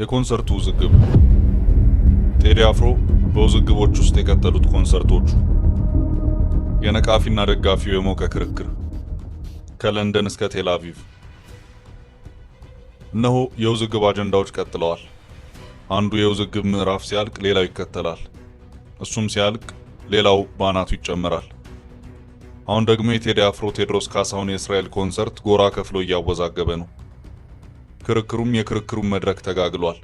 የኮንሰርቱ ውዝግብ ቴዲ አፍሮ በውዝግቦች ውስጥ የቀጠሉት ኮንሰርቶቹ፣ የነቃፊና ደጋፊው የሞቀ ክርክር ከለንደን እስከ ቴል አቪቭ። እነሆ የውዝግብ አጀንዳዎች ቀጥለዋል። አንዱ የውዝግብ ምዕራፍ ሲያልቅ ሌላው ይከተላል። እሱም ሲያልቅ ሌላው በአናቱ ይጨመራል። አሁን ደግሞ የቴዲ አፍሮ ቴድሮስ ካሳሁን የእስራኤል ኮንሰርት ጎራ ከፍሎ እያወዛገበ ነው። ክርክሩም የክርክሩን መድረክ ተጋግሏል።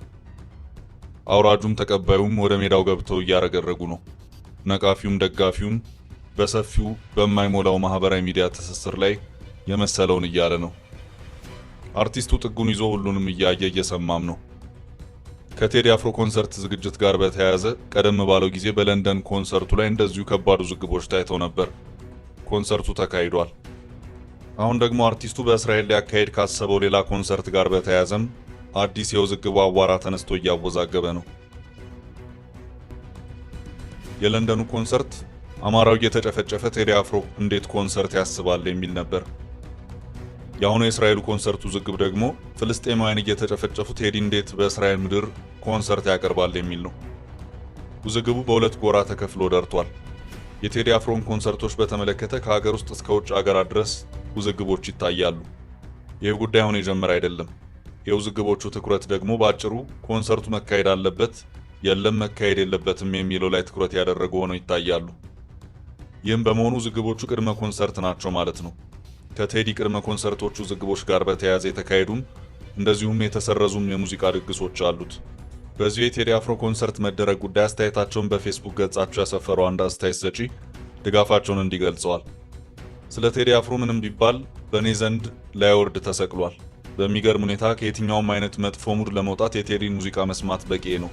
አውራጁም ተቀባዩም ወደ ሜዳው ገብተው እያረገረጉ ነው። ነቃፊውም ደጋፊውም በሰፊው በማይሞላው ማህበራዊ ሚዲያ ትስስር ላይ የመሰለውን እያለ ነው። አርቲስቱ ጥጉን ይዞ ሁሉንም እያየ እየሰማም ነው። ከቴዲ አፍሮ ኮንሰርት ዝግጅት ጋር በተያያዘ ቀደም ባለው ጊዜ በለንደን ኮንሰርቱ ላይ እንደዚሁ ከባድ ውዝግቦች ታይተው ነበር። ኮንሰርቱ ተካሂዷል። አሁን ደግሞ አርቲስቱ በእስራኤል ሊያካሄድ ካሰበው ሌላ ኮንሰርት ጋር በተያያዘም አዲስ የውዝግቡ አቧራ ተነስቶ እያወዛገበ ነው። የለንደኑ ኮንሰርት አማራው እየተጨፈጨፈ ቴዲ አፍሮ እንዴት ኮንሰርት ያስባል የሚል ነበር። የአሁኑ የእስራኤሉ ኮንሰርት ውዝግብ ደግሞ ፍልስጤማውያን እየተጨፈጨፉ ቴዲ እንዴት በእስራኤል ምድር ኮንሰርት ያቀርባል የሚል ነው። ውዝግቡ በሁለት ጎራ ተከፍሎ ደርቷል። የቴዲ አፍሮን ኮንሰርቶች በተመለከተ ከሀገር ውስጥ እስከ ውጭ ሀገራት ድረስ ውዝግቦች ይታያሉ። ይህ ጉዳይ አሁን የጀመረ አይደለም። የውዝግቦቹ ትኩረት ደግሞ በአጭሩ ኮንሰርቱ መካሄድ አለበት፣ የለም መካሄድ የለበትም የሚለው ላይ ትኩረት ያደረጉ ሆነው ይታያሉ። ይህም በመሆኑ ውዝግቦቹ ቅድመ ኮንሰርት ናቸው ማለት ነው። ከቴዲ ቅድመ ኮንሰርቶቹ ውዝግቦች ጋር በተያያዘ የተካሄዱም እንደዚሁም የተሰረዙም የሙዚቃ ድግሶች አሉት። በዚሁ የቴዲ አፍሮ ኮንሰርት መደረግ ጉዳይ አስተያየታቸውን በፌስቡክ ገጻቸው ያሰፈሩ አንድ አስተያየት ሰጪ ድጋፋቸውን እንዲገልጸዋል ስለ ቴዲ አፍሮ ምንም ቢባል በእኔ ዘንድ ላይወርድ ተሰቅሏል። በሚገርም ሁኔታ ከየትኛውም አይነት መጥፎ ሙድ ለመውጣት የቴዲን ሙዚቃ መስማት በቂ ነው።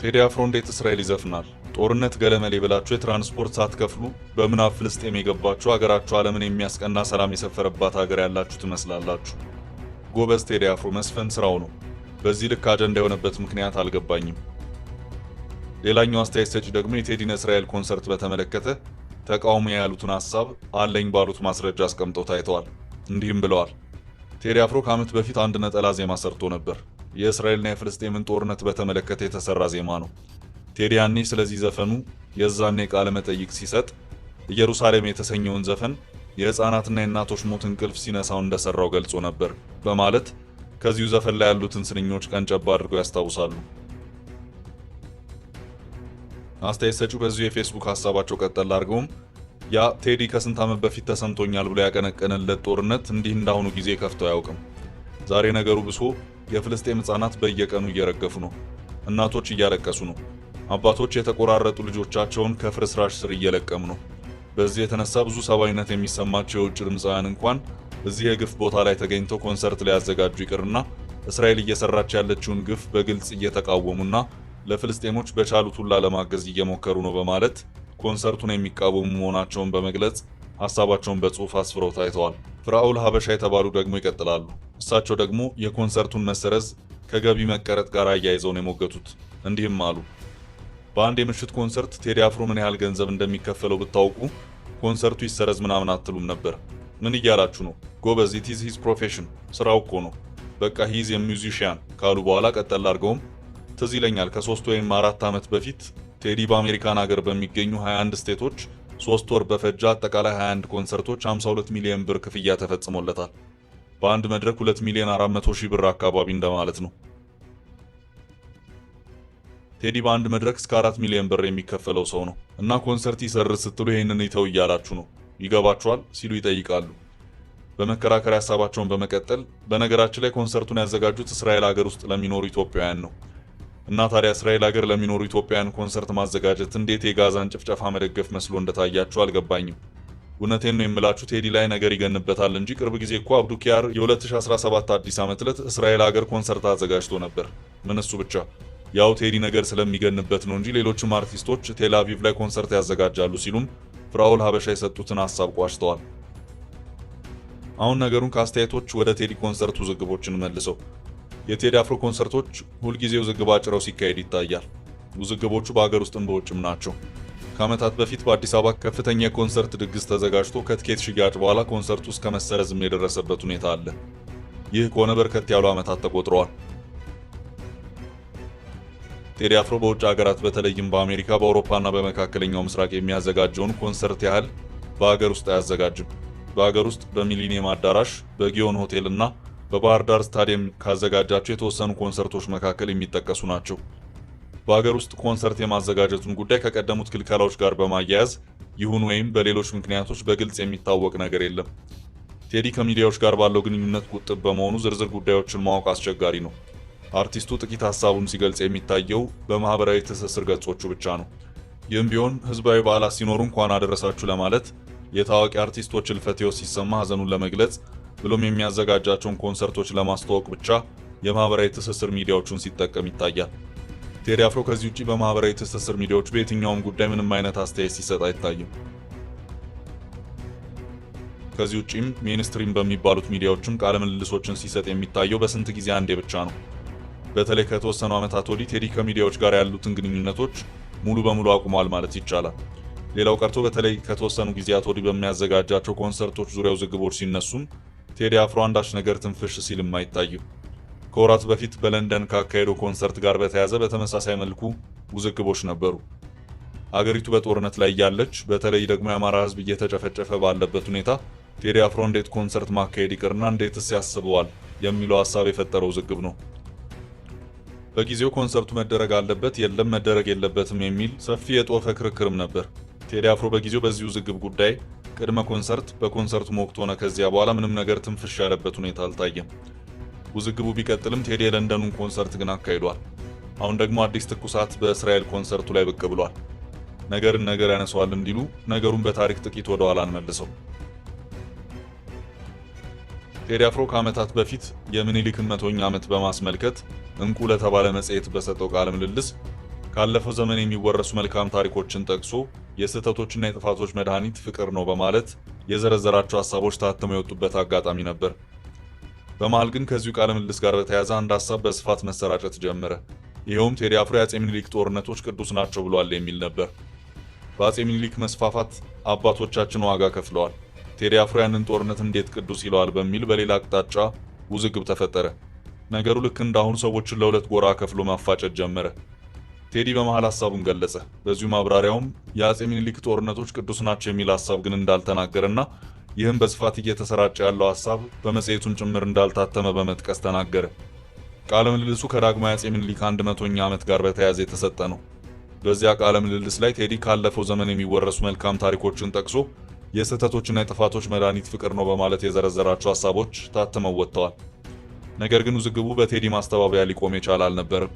ቴዲ አፍሮ እንዴት እስራኤል ይዘፍናል? ጦርነት ገለመሌ ብላችሁ የትራንስፖርት ሳትከፍሉ በምናብ ፍልስጤም የገባችሁ አገራችሁ ዓለምን የሚያስቀና ሰላም የሰፈረባት ሀገር ያላችሁ ትመስላላችሁ። ጎበዝ ቴዲ አፍሮ መስፈን ስራው ነው። በዚህ ልክ አጀንዳ የሆነበት ምክንያት አልገባኝም። ሌላኛው አስተያየት ሰጪ ደግሞ የቴዲን እስራኤል ኮንሰርት በተመለከተ ተቃውሞ ያሉትን ሀሳብ አለኝ ባሉት ማስረጃ አስቀምጠው ታይተዋል። እንዲህም ብለዋል። ቴዲ አፍሮ ከዓመት በፊት አንድ ነጠላ ዜማ ሰርቶ ነበር። የእስራኤልና የፍልስጤምን ጦርነት በተመለከተ የተሰራ ዜማ ነው። ቴዲ ያኔ ስለዚህ ዘፈኑ የዛኔ ቃለ መጠይቅ ሲሰጥ ኢየሩሳሌም የተሰኘውን ዘፈን የህፃናትና የእናቶች ሞት እንቅልፍ ሲነሳው እንደሰራው ገልጾ ነበር በማለት ከዚሁ ዘፈን ላይ ያሉትን ስንኞች ቀንጨባ አድርገው ያስታውሳሉ። አስተያየት ሰጪው በዚሁ የፌስቡክ ሀሳባቸው ቀጠል አድርገውም ያ ቴዲ ከስንት ዓመት በፊት ተሰምቶኛል ብሎ ያቀነቀነለት ጦርነት እንዲህ እንዳሁኑ ጊዜ ከፍቶ አያውቅም። ዛሬ ነገሩ ብሶ የፍልስጤም ህፃናት በየቀኑ እየረገፉ ነው። እናቶች እያለቀሱ ነው። አባቶች የተቆራረጡ ልጆቻቸውን ከፍርስራሽ ስር እየለቀሙ ነው። በዚህ የተነሳ ብዙ ሰብአዊነት የሚሰማቸው የውጭ ድምፃውያን እንኳን እዚህ የግፍ ቦታ ላይ ተገኝተው ኮንሰርት ሊያዘጋጁ ይቅርና እስራኤል እየሰራች ያለችውን ግፍ በግልጽ እየተቃወሙና ለፍልስጤሞች በቻሉት ሁላ ለማገዝ እየሞከሩ ነው በማለት ኮንሰርቱን የሚቃወሙ መሆናቸውን በመግለጽ ሀሳባቸውን በጽሑፍ አስፍረው ታይተዋል። ፍራኦል ሀበሻ የተባሉ ደግሞ ይቀጥላሉ። እሳቸው ደግሞ የኮንሰርቱን መሰረዝ ከገቢ መቀረጥ ጋር አያይዘው ነው የሞገቱት። እንዲህም አሉ። በአንድ የምሽት ኮንሰርት ቴዲ አፍሮ ምን ያህል ገንዘብ እንደሚከፈለው ብታውቁ ኮንሰርቱ ይሰረዝ ምናምን አትሉም ነበር። ምን እያላችሁ ነው? ጎበዝ ኢት ኢዝ ሂዝ ፕሮፌሽን፣ ስራው እኮ ነው። በቃ ሂዝ የሚውዚሽያን ካሉ በኋላ ቀጠል አድርገውም ትዝ ይለኛል ከሶስት ወይም አራት ዓመት በፊት ቴዲ በአሜሪካን ሀገር በሚገኙ 21 ስቴቶች ሶስት ወር በፈጃ አጠቃላይ 21 ኮንሰርቶች 52 ሚሊዮን ብር ክፍያ ተፈጽሞለታል። በአንድ መድረክ 2 ሚሊዮን 400 ሺህ ብር አካባቢ እንደማለት ነው። ቴዲ በአንድ መድረክ እስከ 4 ሚሊዮን ብር የሚከፈለው ሰው ነው እና ኮንሰርት ይሰር ስትሉ ይህንን ይተው እያላችሁ ነው ይገባችኋል ሲሉ ይጠይቃሉ። በመከራከሪያ ሀሳባቸውን በመቀጠል በነገራችን ላይ ኮንሰርቱን ያዘጋጁት እስራኤል ሀገር ውስጥ ለሚኖሩ ኢትዮጵያውያን ነው። እና ታዲያ እስራኤል ሀገር ለሚኖሩ ኢትዮጵያውያን ኮንሰርት ማዘጋጀት እንዴት የጋዛን ጭፍጨፋ መደገፍ መስሎ እንደታያችሁ አልገባኝም። እውነቴን ነው የምላችሁ ቴዲ ላይ ነገር ይገንበታል እንጂ ቅርብ ጊዜ እኮ አብዱኪያር የ2017 አዲስ ዓመት ዕለት እስራኤል ሀገር ኮንሰርት አዘጋጅቶ ነበር። ምን እሱ ብቻ ያው ቴዲ ነገር ስለሚገንበት ነው እንጂ ሌሎችም አርቲስቶች ቴል አቪቭ ላይ ኮንሰርት ያዘጋጃሉ ሲሉም ፍራውል ሀበሻ የሰጡትን ሀሳብ ቋጭተዋል። አሁን ነገሩን ከአስተያየቶች ወደ ቴዲ ኮንሰርት ውዝግቦችን መልሰው የቴዲ አፍሮ ኮንሰርቶች ሁልጊዜ ውዝግብ አጭረው ሲካሄድ ይታያል። ውዝግቦቹ በአገር ውስጥም በውጭም ናቸው። ከዓመታት በፊት በአዲስ አበባ ከፍተኛ የኮንሰርት ድግስ ተዘጋጅቶ ከትኬት ሽያጭ በኋላ ኮንሰርቱ እስከ መሰረዝም የደረሰበት ሁኔታ አለ። ይህ ከሆነ በርከት ያሉ ዓመታት ተቆጥረዋል። ቴዲ አፍሮ በውጭ ሀገራት በተለይም በአሜሪካ በአውሮፓና በመካከለኛው ምስራቅ የሚያዘጋጀውን ኮንሰርት ያህል በሀገር ውስጥ አያዘጋጅም። በሀገር ውስጥ በሚሊኒየም አዳራሽ፣ በጊዮን ሆቴልና በባህር ዳር ስታዲየም ካዘጋጃቸው የተወሰኑ ኮንሰርቶች መካከል የሚጠቀሱ ናቸው። በሀገር ውስጥ ኮንሰርት የማዘጋጀቱን ጉዳይ ከቀደሙት ክልከላዎች ጋር በማያያዝ ይሁን ወይም በሌሎች ምክንያቶች በግልጽ የሚታወቅ ነገር የለም። ቴዲ ከሚዲያዎች ጋር ባለው ግንኙነት ቁጥብ በመሆኑ ዝርዝር ጉዳዮችን ማወቅ አስቸጋሪ ነው። አርቲስቱ ጥቂት ሀሳቡን ሲገልጽ የሚታየው በማህበራዊ ትስስር ገጾቹ ብቻ ነው። ይህም ቢሆን ህዝባዊ በዓላት ሲኖሩ እንኳን አደረሳችሁ ለማለት የታዋቂ አርቲስቶች እልፈት ሲሰማ ሀዘኑን ለመግለጽ ብሎም የሚያዘጋጃቸውን ኮንሰርቶች ለማስተዋወቅ ብቻ የማህበራዊ ትስስር ሚዲያዎቹን ሲጠቀም ይታያል። ቴዲ አፍሮ ከዚህ ውጪ በማህበራዊ ትስስር ሚዲያዎች በየትኛውም ጉዳይ ምንም አይነት አስተያየት ሲሰጥ አይታይም። ከዚህ ውጪም ሜንስትሪም በሚባሉት ሚዲያዎችም ቃለ ምልልሶችን ሲሰጥ የሚታየው በስንት ጊዜ አንዴ ብቻ ነው። በተለይ ከተወሰኑ ዓመታት ወዲህ ቴዲ ከሚዲያዎች ጋር ያሉትን ግንኙነቶች ሙሉ በሙሉ አቁሟል ማለት ይቻላል። ሌላው ቀርቶ በተለይ ከተወሰኑ ጊዜያት ወዲህ በሚያዘጋጃቸው ኮንሰርቶች ዙሪያ ውዝግቦች ሲነሱም ቴዲ አፍሮ አንዳች ነገር ትንፍሽ ሲል የማይታዩ ከወራት በፊት በለንደን ካካሄደው ኮንሰርት ጋር በተያያዘ በተመሳሳይ መልኩ ውዝግቦች ነበሩ። አገሪቱ በጦርነት ላይ እያለች በተለይ ደግሞ የአማራ ሕዝብ እየተጨፈጨፈ ባለበት ሁኔታ ቴዲ አፍሮ እንዴት ኮንሰርት ማካሄድ ይቅርና እንዴትስ ያስበዋል የሚለው ሀሳብ የፈጠረው ውዝግብ ነው። በጊዜው ኮንሰርቱ መደረግ አለበት የለም መደረግ የለበትም የሚል ሰፊ የጦፈ ክርክርም ነበር። ቴዲ አፍሮ በጊዜው በዚህ ውዝግብ ጉዳይ ቅድመ ኮንሰርት፣ በኮንሰርቱም ወቅት ሆነ ከዚያ በኋላ ምንም ነገር ትንፍሽ ያለበት ሁኔታ አልታየም። ውዝግቡ ቢቀጥልም ቴዲ የለንደኑን ኮንሰርት ግን አካሂዷል። አሁን ደግሞ አዲስ ትኩሳት በእስራኤል ኮንሰርቱ ላይ ብቅ ብሏል። ነገርን ነገር ያነሰዋል እንዲሉ ነገሩን በታሪክ ጥቂት ወደ ኋላ አንመልሰው። ቴዲ አፍሮ ከዓመታት በፊት የምኒልክን መቶኛ ዓመት በማስመልከት እንቁ ለተባለ መጽሔት በሰጠው ቃለ ምልልስ ካለፈው ዘመን የሚወረሱ መልካም ታሪኮችን ጠቅሶ የስህተቶችና የጥፋቶች መድኃኒት ፍቅር ነው በማለት የዘረዘራቸው ሀሳቦች ታትመው የወጡበት አጋጣሚ ነበር። በመሃል ግን ከዚሁ ቃለ ምልልስ ጋር በተያያዘ አንድ ሀሳብ በስፋት መሰራጨት ጀመረ። ይኸውም ቴዲ አፍሮ የአጼ ምኒልክ ጦርነቶች ቅዱስ ናቸው ብሏል የሚል ነበር። በአጼ ምኒልክ መስፋፋት አባቶቻችን ዋጋ ከፍለዋል፣ ቴዲ አፍሮ ያንን ጦርነት እንዴት ቅዱስ ይለዋል በሚል በሌላ አቅጣጫ ውዝግብ ተፈጠረ። ነገሩ ልክ እንዳሁኑ ሰዎችን ለሁለት ጎራ ከፍሎ ማፋጨት ጀመረ። ቴዲ በመሃል ሀሳቡን ገለጸ። በዚሁ ማብራሪያውም የአጼ ሚኒሊክ ጦርነቶች ቅዱስ ናቸው የሚል ሀሳብ ግን እንዳልተናገረና ይህም በስፋት እየተሰራጨ ያለው ሀሳብ በመጽሔቱም ጭምር እንዳልታተመ በመጥቀስ ተናገረ። ቃለ ምልልሱ ከዳግማዊ አጼ ሚኒሊክ አንድ መቶኛ ዓመት ጋር በተያያዘ የተሰጠ ነው። በዚያ ቃለ ምልልስ ላይ ቴዲ ካለፈው ዘመን የሚወረሱ መልካም ታሪኮችን ጠቅሶ የስህተቶችና የጥፋቶች መድኃኒት ፍቅር ነው በማለት የዘረዘራቸው ሀሳቦች ታትመው ወጥተዋል። ነገር ግን ውዝግቡ በቴዲ ማስተባበያ ሊቆም የቻለ አልነበረም።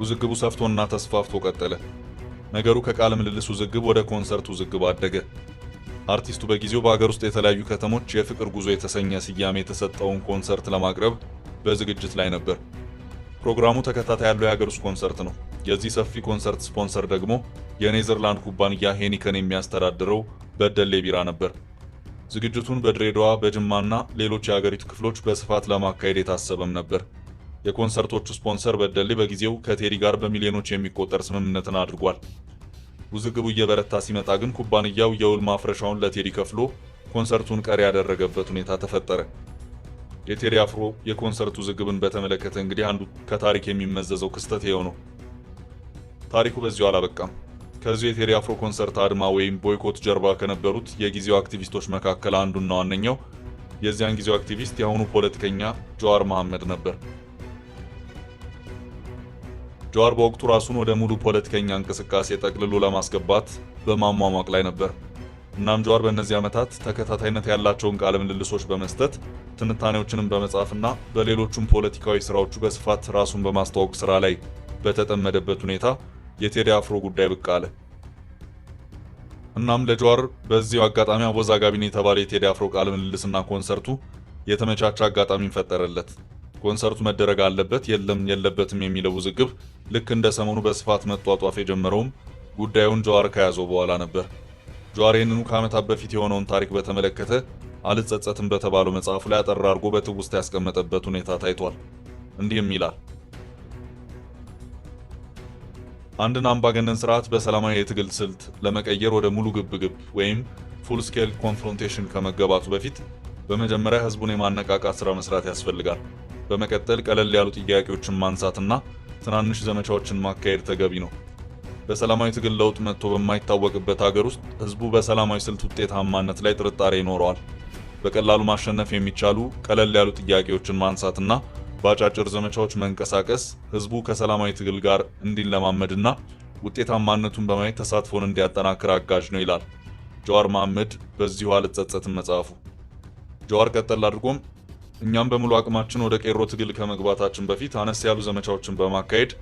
ውዝግቡ ሰፍቶና ተስፋፍቶ ቀጠለ። ነገሩ ከቃለ ምልልስ ውዝግብ ወደ ኮንሰርት ውዝግብ አደገ። አርቲስቱ በጊዜው በአገር ውስጥ የተለያዩ ከተሞች የፍቅር ጉዞ የተሰኘ ስያሜ የተሰጠውን ኮንሰርት ለማቅረብ በዝግጅት ላይ ነበር። ፕሮግራሙ ተከታታይ ያለው የአገር ውስጥ ኮንሰርት ነው። የዚህ ሰፊ ኮንሰርት ስፖንሰር ደግሞ የኔዘርላንድ ኩባንያ ሄኒከን የሚያስተዳድረው በደሌ ቢራ ነበር። ዝግጅቱን በድሬዳዋ በጅማና ሌሎች የአገሪቱ ክፍሎች በስፋት ለማካሄድ የታሰበም ነበር። የኮንሰርቶቹ ስፖንሰር በደሌ በጊዜው ከቴዲ ጋር በሚሊዮኖች የሚቆጠር ስምምነትን አድርጓል። ውዝግቡ እየበረታ ሲመጣ ግን ኩባንያው የውል ማፍረሻውን ለቴዲ ከፍሎ ኮንሰርቱን ቀሪ ያደረገበት ሁኔታ ተፈጠረ። የቴዲ አፍሮ የኮንሰርቱ ውዝግብን በተመለከተ እንግዲህ አንዱ ከታሪክ የሚመዘዘው ክስተት ይኸው ነው። ታሪኩ በዚሁ አላበቃም። ከዚሁ የቴዲ አፍሮ ኮንሰርት አድማ ወይም ቦይኮት ጀርባ ከነበሩት የጊዜው አክቲቪስቶች መካከል አንዱና ዋነኛው የዚያን ጊዜው አክቲቪስት የአሁኑ ፖለቲከኛ ጀዋር መሐመድ ነበር። ጀዋር በወቅቱ ራሱን ወደ ሙሉ ፖለቲከኛ እንቅስቃሴ ጠቅልሎ ለማስገባት በማሟሟቅ ላይ ነበር። እናም ጀዋር በእነዚህ ዓመታት ተከታታይነት ያላቸውን ቃለ ምልልሶች በመስጠት ትንታኔዎችንም በመጻፍና በሌሎቹም ፖለቲካዊ ስራዎቹ በስፋት ራሱን በማስተዋወቅ ስራ ላይ በተጠመደበት ሁኔታ የቴዲ አፍሮ ጉዳይ ብቅ አለ። እናም ለጀዋር በዚሁ አጋጣሚ አወዛጋቢ ነው የተባለ የቴዲ አፍሮ ቃለ ምልልስና ኮንሰርቱ የተመቻቸ አጋጣሚን ፈጠረለት። ኮንሰርቱ መደረግ አለበት የለም የለበትም የሚለው ውዝግብ ልክ እንደ ሰሞኑ በስፋት መጧጧፍ የጀመረውም ጉዳዩን ጀዋር ከያዘው በኋላ ነበር። ጀዋር ይህንኑ ከዓመታት በፊት የሆነውን ታሪክ በተመለከተ አልጸጸትም በተባለው መጽሐፉ ላይ አጠር አድርጎ ውስጥ ያስቀመጠበት ሁኔታ ታይቷል። እንዲህም ይላል። አንድን አምባገነን ስርዓት በሰላማዊ የትግል ስልት ለመቀየር ወደ ሙሉ ግብግብ ወይም ፉል ስኬል ኮንፍሮንቴሽን ከመገባቱ በፊት በመጀመሪያ ህዝቡን የማነቃቃት ስራ መስራት ያስፈልጋል። በመቀጠል ቀለል ያሉ ጥያቄዎችን ማንሳትና ትናንሽ ዘመቻዎችን ማካሄድ ተገቢ ነው። በሰላማዊ ትግል ለውጥ መጥቶ በማይታወቅበት ሀገር ውስጥ ህዝቡ በሰላማዊ ስልት ውጤታማነት ላይ ጥርጣሬ ይኖረዋል። በቀላሉ ማሸነፍ የሚቻሉ ቀለል ያሉ ጥያቄዎችን ማንሳትና በአጫጭር ዘመቻዎች መንቀሳቀስ ህዝቡ ከሰላማዊ ትግል ጋር እንዲለማመድና ውጤታማነቱን በማየት ተሳትፎን እንዲያጠናክር አጋዥ ነው ይላል ጀዋር መሐመድ። በዚሁ አልጸጸትም መጽሐፉ ጀዋር ቀጠል አድርጎም እኛም በሙሉ አቅማችን ወደ ቄሮ ትግል ከመግባታችን በፊት አነስ ያሉ ዘመቻዎችን በማካሄድ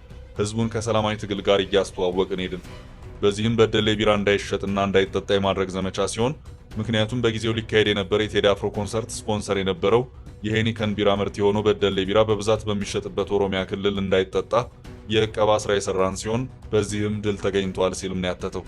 ህዝቡን ከሰላማዊ ትግል ጋር እያስተዋወቅን ሄድን። በዚህም በደሌ ቢራ እንዳይሸጥና እንዳይጠጣ የማድረግ ዘመቻ ሲሆን ምክንያቱም በጊዜው ሊካሄድ የነበረ የቴዲ አፍሮ ኮንሰርት ስፖንሰር የነበረው የሄኒከን ቢራ ምርት የሆነው በደሌ ቢራ በብዛት በሚሸጥበት ኦሮሚያ ክልል እንዳይጠጣ የእቀባ ስራ የሰራን ሲሆን በዚህም ድል ተገኝቷል ሲልም ነው ያተተው።